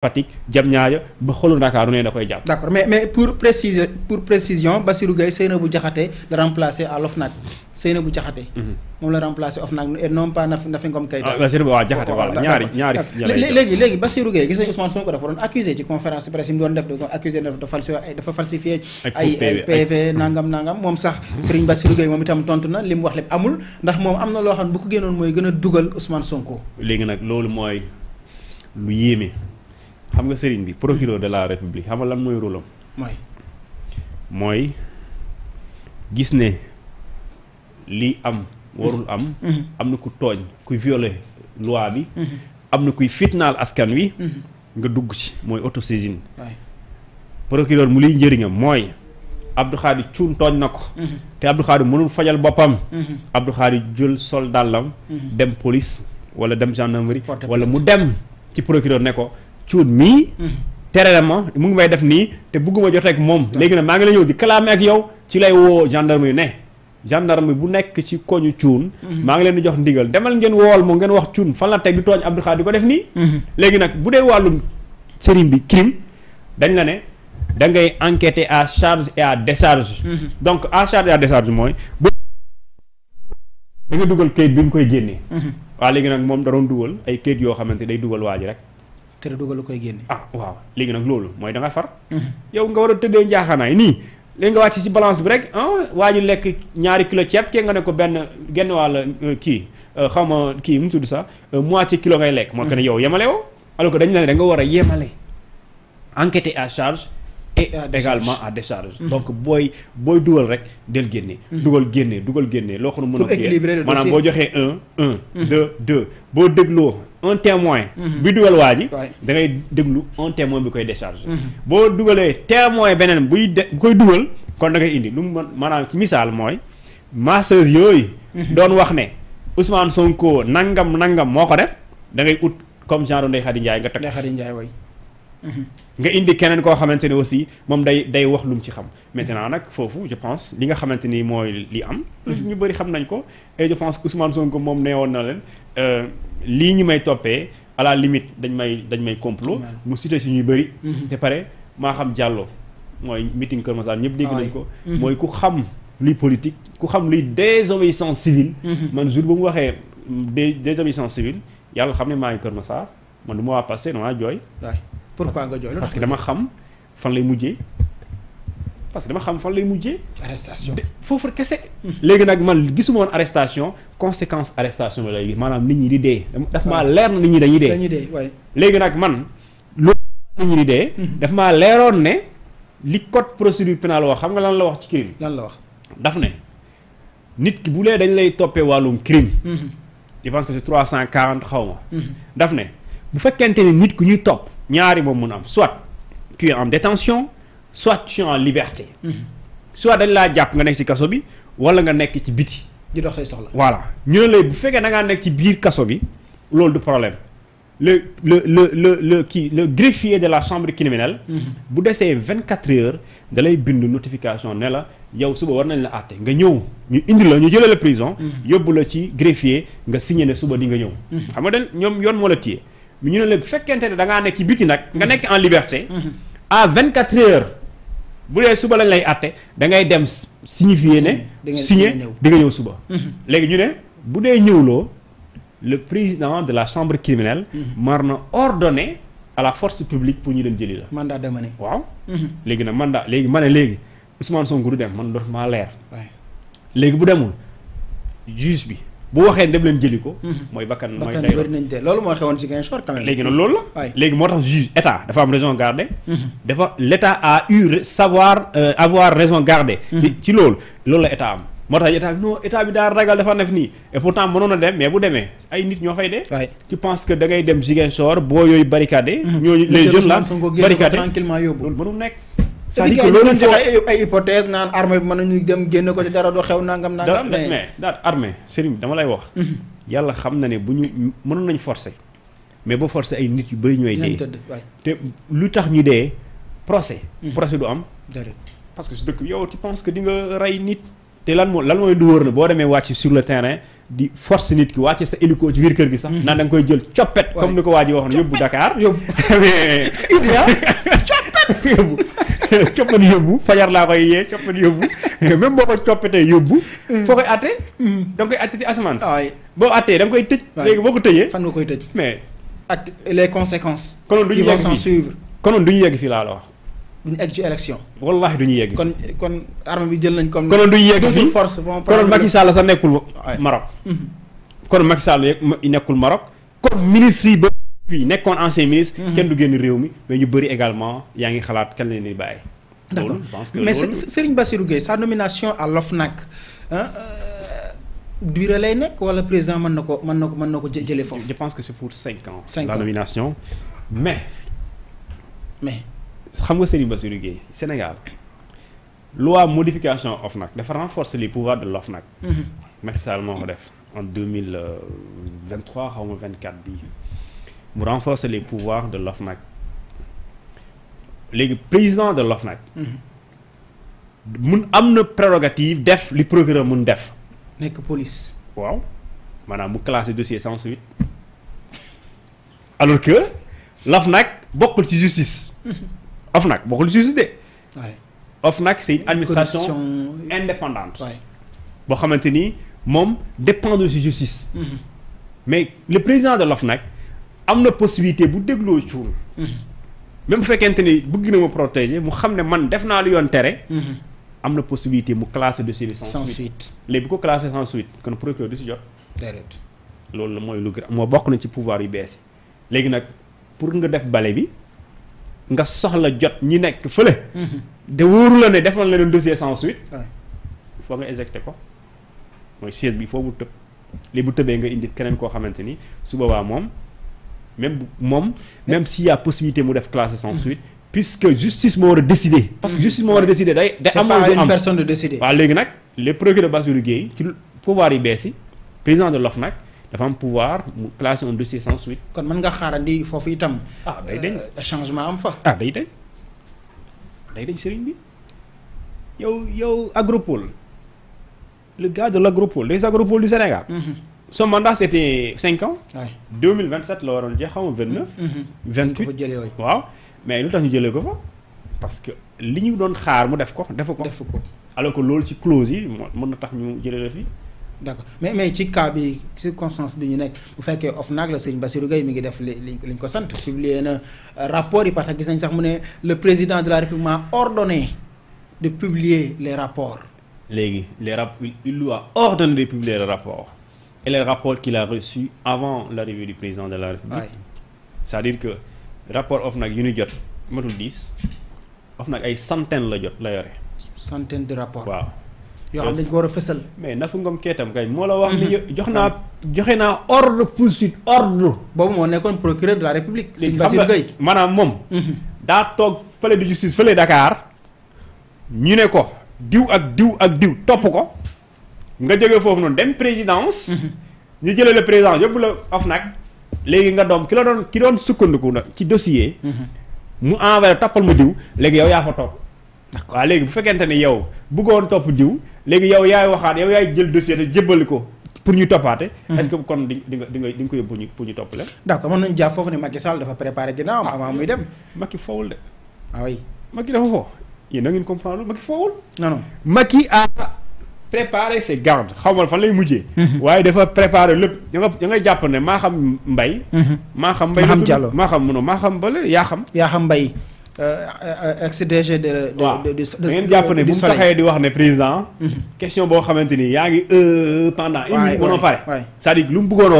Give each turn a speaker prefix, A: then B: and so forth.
A: Fatick Diamniadio ba xolu Ndakaaru ne da koy jàpp.
B: d'accord mais mais pour précision pour précision Bassirou Gueye Seynabou Diakhaté la remplacer à l'OFNAC Seynabou Diakhaté. Mhm. moom la remplacer OFNAC et non pas Nafi Ngom Keïta. ah Seynabou waaw
A: Diakhaté waaw ñaari ñaari. léegi
B: léegi Bassirou Gueye gis nañu Ousmane Sonko dafa doon ay PV nangam nangam moom sax. Serigne Bassirou Gueye moom itam tontu na li mu wax lépp amul ndax moom am na loo xam ne bu ko génnoon mooy gën a dugal Ousmane Sonko.
A: léegi nag loolu mooy lu yéeme xam nga sëriñ bi procureur de la république xam nga lan mooy rôle am mooy gis ne lii am warul am mm-hmm. am na ku tooñ kuy violer loi bi mm-hmm. am na kuy fitnaal askan wi mm-hmm. nga dugg ci mooy autosaisine procureur mu liy njëriñam mooy Abdou Khadi cuun tooñ na ko te Abdou Khadi mënul fajal boppam Abdou Khadi jël sol dem police wala dem gendarmerie wala mu dem ci procureur ne ko cuut mii mm-hmm. tere na ma mu ngi may def nii te bugguma jot rek moom léegi nag maa ngi la ñëw di kalaame yow ci lay woo gendarme yu ne gendarme bu nekk ci koñu cuun mm-hmm. maa ngi leen di jox ndigal demal ngeen wool moom ngeen wax cuun fan la teg di tooñ Abdou Khadre di ko def mm-hmm. léegi nag bu dee wàllum sëriñ bi crime dañ la ne da ngay enquêter à charge décharge donc à charge décharge mooy bu da nga dugal kayit bi mu koy génnee waa léegi nag moom da doon dugal ay kayit yoo xamante day dugal waa rek te du dogal koy génne. ah waaw léegi nag loolu mooy danga nga far. Mhm. yow nga war a tëddee njaaxaanaay nii. léegi nga wàcc ci balance bi rek ah, waa ñu lekk ñaari kilo ceeb kee nga ne ko benn genn wàll euh, kii euh, xaw ma kii mu tudd sax euh, moitié kilo ngay lekk. moo ko ne mhm. yow yemale woo alors que dañu la ne da nga war a yemale. enquêter à charge. et également à décharge donc booy booy dugal rek del génne dugal génne dugal génne loo xam mën a kii maanaam joxee mhm. boo dégloo un témoin mhm. bi da ngay déglu un témoin koy décharge mhm. boo dugalee témoin beneen buy de koy dugal kon da ngay indi lu mu maanaam ci misaal mooy masseuse yooyu doon wax ne Ousmane Sonko nangam nangam moo ko def da ngay ut comme genre Ndeye Khady Ndiaye nga teg Ndeye Khady Ndiaye way nga indi keneen koo xamante ne aussi moom day day wax lu ci xam maintenant nag foofu je pense li nga xamante ni mooy li am mm-hmm. ñu bëri xam nañ ko et je pense que Ousmane moom nee woon na leen euh, lii ñu may toppee à la dañ may dañ may complot mu cité si ñuy bëri mm-hmm. te pare maa xam Diallo mooy meeting Kër Massar ñëpp dégg nañ ko mm-hmm. mooy ku xam luy politique ku xam luy désobéissance civile man jour ba mu waxee désobéissance civile yàlla xam ne maa ngi Kër Massar man du ma waa passé
B: pourquoi nga parce que dama
A: xam fan lay mujjee parce que dama xam fan lay mujjee.
B: arrestation foofu kese.
A: léegi nag man gisuma arrestation conséquence arrestation bi lay gis maanaam nit ñi di dee. daf ma leer na nit ñi dañuy dee. dañuy dee waay léegi nag man loolu nit ñi di dee. Mhm. daf maa leeroon ne li code procédure pénale wax xam nga lan la wax ci crime. lan la wax daf ne nit ki bu lee dañ lay toppee wàllum crime. Mhm. je pense que c'est trois cent quarante xaw mhm. daf ne. bu fekkente ni nit ku ñuy topp ñaari moom mun am soit tu es en détention soit tu en liberté mhm. soit dañ laa jàpp nga nekk ci kaso bi walla nga nekk ci biti di dox say soxla voilà ñu ne lay bu fekkee da nekk ci biir kaso bi loolu du problème le le le le le kii le greffier de la chambre criminelle mhm. bu desee vingt quatre heures dalay lay bind notification ne la yow suba war nañ la àtte nga ñëw ñu indi la ñu jëlee la prison mhm. yóbbu la ci greffier nga signé ne suba di nga ñëw xam ñu ne la bu fekkente ne dangaa ngaa nekk ci biti nag. nga nekk en liberté. Mhm. à 24 heures. bu dee suba lañ lay àtte da ngay dem signifier ne. da signé di nga ñëw suba. Mhm. léegi ñu ne bu dee ñëwloo le président de la chambre criminelle. Mhm. mar na ordonné à la force publique pour ñu dem jëli la. mandat d'amener waaw. léegi nag mandat léegi ma ne léegi Ousmane Sonko du dem man dootu maa leer. léegi bu demul juge bi. bu waxee ndem leen jëli ko. Mhm. mooy bakkan mooy tey bëri
B: nañ tey loolu moo xewoon ci Ziguinchor quand même. léegi nag loolu
A: la. léegi moo tax juge état dafa am raison garder. Mhm. dafa l' état a eu savoir euh, avoir raison garder. Mhm. ci loolu loolu la état am. moo tax état bi non état bi daa ragal dafa nef nii et pourtant mënoon a dem mais bu demee ay nit ñoo fay dee. waay tu penses que da ngay dem Ziguinchor boo yooyu barricadé. ñooñu les jeunes là barricadé
B: tranquillement yóbbu loolu mënul nekk.
A: c'est-à-dire que loolu foo
B: ay hypothèse naan armée bi mën nañu dem génn ko ci dara du xew nangam nangam. mais mais
A: daal armée sëriñ dama lay wax. Mhm. yàlla xam na ne bu ñu mënoon nañ forcer. mais ba forcer ay nit yu bëri ñooy. dee te lu tax ñu dee procès. Mhm. procès du am. parce que su dëkk yow tu penses que di nga rey nit. te lan moo lan mooy du wóor na boo demee wàcc sur le terrain di force nit ki wàcce sa hélico ci biir kër gi sax. Mhm. naan da nga koy jël coppet. comme ni ko waa ji waxoon yóbbu Dakar. yóbbu yóbbu coppan yóbbu fajar laa koy yee coppan yóbbu
B: même boo ko coppatee yóbbu. Hmm. foo koy àttee. Hmm. da koy àtte ci asamaan boo àttee da koy tëj. léegi boo ko tëjee fan nga koy tëj. mais ak les conséquences. konoon du ñu yegg fii suivre.
A: konoon du ñu yegg fii laa la wax.
B: duñu egg ci élection. wallaahi du ñu yegg. kon kon arme bi jël nañ comme. konoon du ñu yegg fii force mm-hmm. konoon Macky
A: Sall sax nekkul Maroc. kon Macky Sall nekkul Maroc. comme ministre ba. bi nekkoon ancien ministre. Mhm. kenn du génn réew mi mais ñu bëri également yaa ngi xalaat kenn leen di bàyyi. d'accord mais
B: Serigne Bassirou Gueye sa nomination à l'OFNAC euh, dure lay nekk wala président mën na ko mën na ko mën na ko jëlee foofu. je pense que c'est pour cinq ans. cinq la
A: nomination mais. mais xam nga Serigne Bassirou Gueye Sénégal. loi modification OFNAC dafa renforcer les pouvoirs de l'OFNAC. Mhm. Macky Sall moo ko def en deux mille vingt quatre bii. mu renforcer les pouvoirs de l'OFNAC léegi président de l'OFNAC mhm. mun am na prérogative def li procureur mun def. nekk police. waaw maanaam mu classé dossier cent suite alors que l'OFNAC bokkul ci justice. Mhm. OFNAC bokkul ci justice de. waay OFNAC c'est une administration indépendante. boo xamante ni moom dépendre ci justice. Mhm. mais le président de l'OFNAC am na possibilité bu dégloo cuun même bu fekkente ni bugg na ma protégé mu xam ne man def naa lu yoon tere mm-hmm. am na possibilité mu classé dossier bi sans suite léegi bu ko classé sans suite kon procureur du si jot loolu la mooy lu gën moo bokk na ci pouvoir yu bees yi léegi nag pour nga def bale bi nga soxla jot ñi nekk fële mm-hmm. de wóoru la ne def na leen dossier sans suite foo nga éjecté ko mooy siège bi foo mu tëb li bu tëbee nga indi keneen koo xamante ni su boobaa moom même moom même si y a possibilité mu def classe sans mm. suite puisque justice moo war a décider. parce que mm. justice moo war a décider day. day am lu am personne de décider. waaw léegi nag les procureurs de Bassirou Guèye ci pouvoir yi bees yi président de l'OFNAC dafa
B: am pouvoir mu classer un dossier sans suite. kon mën nga xaarandi foofu itam. ah day dañ euh, changement am fa. Ah, day dañ day dañ sëriñ bi yow yow
A: agropole le gars de l' Sénégal. Mm-hmm. son mandat c' était 5 ans. waay 2027 la waroon jeex xaw ma 29. 28 ko fa waaw mais lu tax ñu jëlee ko fa. parce que li ñu doon xaar mu def ko defu ko. defu ko alors ko
B: loolu ci clause yi moo mën na tax ñu jëlee la fi. d' mais mais ci cas bi circonstance bi ñu nekk bu fekkee nag la sëñ Bassirou Gueye mi ngi def li liñ ko sant publier na euh, rapport yi parce que gis nañ sax mu ne le président de la République m'a ordonné de publier les rapports.
A: léegi les rap il lui a ordonné de publier les rapports. et les rapports qu'il a reçus avant l'arrivée du président de la République c'est-à-dire que rapport OFNAC yu ñu jot matul dix OFNAC ay centaine la jot la yore centaine de rapport waaw yoo xam ne dañ ko war a fësal mais fu Ngom ketam kay moo la wax ni mm-hmm. jox naa ah.
B: joxe naa ordre poursuite ordre boobu moo nekkoon procureur de la république Serigne Bassirou Gueye maanaam moom mm-hmm. daa toog fële de justice fële Dakar ñu ne ko diw ak
A: diw ak diw topp ko nga jógee foofu noonu dem présidence. Mhm. ñu jële le président yëpp la OFNAC. léegi nga doom ki la doon ki doon na ci dossier. Mhm. mu envoyé toppal ma diw léegi yow yaa fa topp. waaw léegi bu fekkente ne yow bëggoon topp diw léegi yow yaay waxaat yow yaay jël dossier te jébbali ko pour ñu toppaate. Mhm. est-ce que kon di nga di nga di nga ko yóbbu pour ñu pour ñu toppale.
B: d'accord mën nañu jàpp foofu ne Macky Sall dafa préparé am ah, avant muy dem. Macky foowul de. ah oui Macky dafa foo yéen na ngeen comprendre Macky foowul. non non
A: préparer ses gardes xawmal fan lay mujjee. Mhm. waaye dafa préparer lépp da nga
B: da nga jàpp ne maa xam mbay. Mhm. maa xam mbay la tudd maa xam munoo maa xam bële yaa xam. yaa xam mbay. Euh, euh, ex DG de. waaw da ngeen jàpp ne bu mu taxee di
A: wax ne président. Mhm. question boo xamante ni yaa ngi euh, pendant. waay